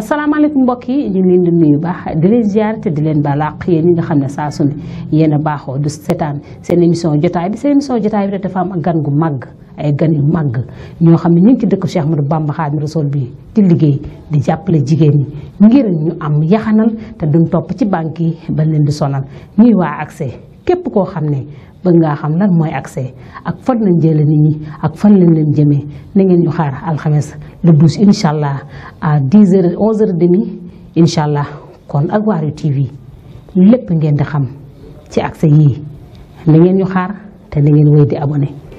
asalaamaaleykum mbokk yi ñu ngi leen baax di leen ziar te di leen balaq yéen ñi nga xam ne saa su ne yéen baaxoo du seetaan seen émission jotaay bi seen émission jotaay bi dafa am ak gan gu màgg ay gan yu màgg ñoo xam ne ñu ngi ci dëkk Cheikh Ahmadou mu Xaadimu sol bii di liggéey di jàppale jigéen ñi ngir ñu am yaxanal te duñ topp ci banque yi ba leen di sonal ñuy waa accès képp koo xam ne bëgg ngaa xam lan mooy accès ak fan lañ jëlee nit ñi ak fan lañ leen jëmee na ngeen ñu xaar alxames le douze incha allah à dix heures onze heures demi incha allah kon ak Waarwi TV lépp ngeen di xam ci accès yii na ngeen ñu xaar te na ngeen wéy di abonné.